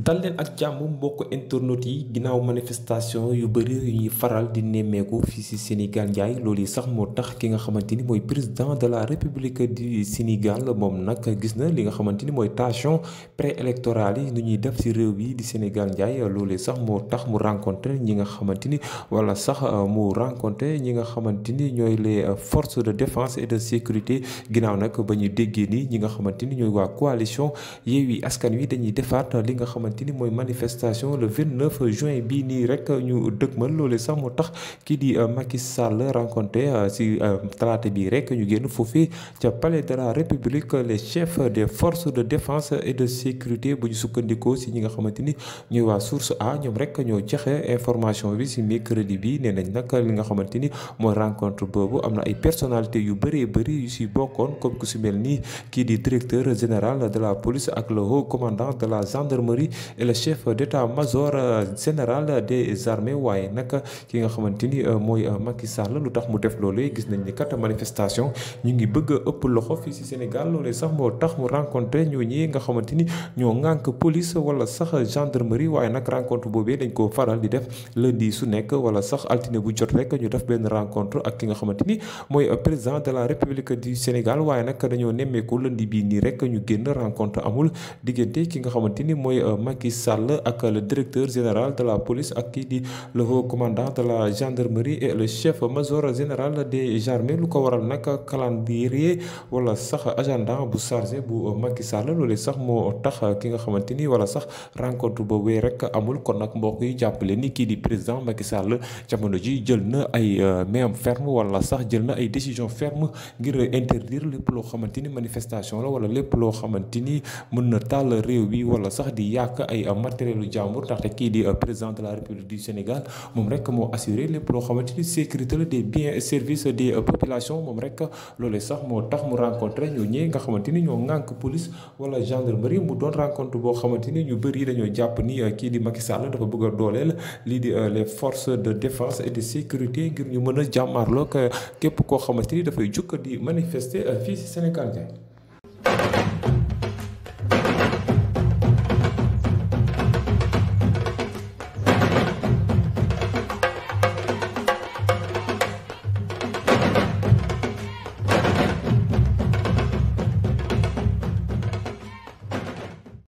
dal leen ak jàmm mbokk internet yi ginnaaw manifestation yu bëri yu ñuy faral di nemmeeku fii ci Sénégal njaay loolu yi sax moo tax ki nga xamante ni mooy président de la république du Sénégal moom nag gis na li nga xamante ni mooy tension préélectorale yi nu ñuy def ci réew bi di Sénégal njaay loolu sax moo tax mu rencontré ñi nga xamante ni wala sax mu rencontré ñi nga xamante ni ñooy les force de défence et de sécurité ginnaaw nag ba ñu déggee ni ñi nga xamante ni ñooy waa coalition Yewwi Askan Wi dañuy defaat li xamante ni mooy manifestation le 29 juin bii nii rek ñu dëgmal loole sax moo tax kii di euh, Macky Sall rencontré euh, si euh, talaata bii rek ñu génn foofee ca palais de république les chef des force de défence et de sécurité bu ñu sukkandikoo si ñi nga xamante ni ñooy waa source A ñoom rek ñoo joxe information bi si crédit bi nee nañ nag li nga xamante ni mooy rencontre boobu am na ay personnalité yu bëree bëri yu si bokkoon comme ku si mel nii kii di directeur général de la police ak le haut commandant de et le chef d'état-major euh, général de armées waaye nag ki nga xamante ni euh, mooy euh, Macky Sall lu tax mu def loolu gis nañ ni kat manifestation ñu ngi bëgg ëpp loxo fii si Sénégal loolee sax moo tax mu rencontré ñoo ñi nga xamante ni ñoo ŋànk police wala sax gendarmerie waaye nag rencontre boobee dañ koo faral di def lundi su nekk wala sax altine bu jot rek ñu def benn rencontre ak ki nga xamante ni mooy président de la république du Sénégal waaye nag dañoo nemmeeku lundi bii nii rek ñu génn rencontre amul ki nga xamante ni mooy Macky Sall ak le directeur général de la police ak kii di le haut commandant de la gendarmerie et le chef major général de armées lu ko waral nag calendrier wala sax agendant bu chargé bu Macky Sall loolee sax moo tax ki nga xamante ni wala sax rencontre boobee rek amul kon nag mbokk yi jàppale ni kii di président Macky Sall jamono ji jël na ay euh, main ferme wala sax jël na ay décision ferme ngir interdire lépp loo xamante ni manifestation la wala lépp loo xamante ni mën na taal bi wala sax yàq ay matériel u jàmbur ndaxte kii di euh, président de la république du Sénégal moom rek moo assuré lépp loo xamante ni sécurité la des biens et services des euh, moom rek loolee sax moo tax mu rencontré ñoo ñee nga xamante ni ñoo ŋànk police wala gendarmerie mu doon rencontre boo xamante ni ñu bëri dañoo jàpp ni euh, kii di Macky Sall dafa bëgg a dooleel lii di les force de défense et de sécurité ngir ñu mën a jàmmaarloo képp koo xamante ni dafay jukk di manifester fii si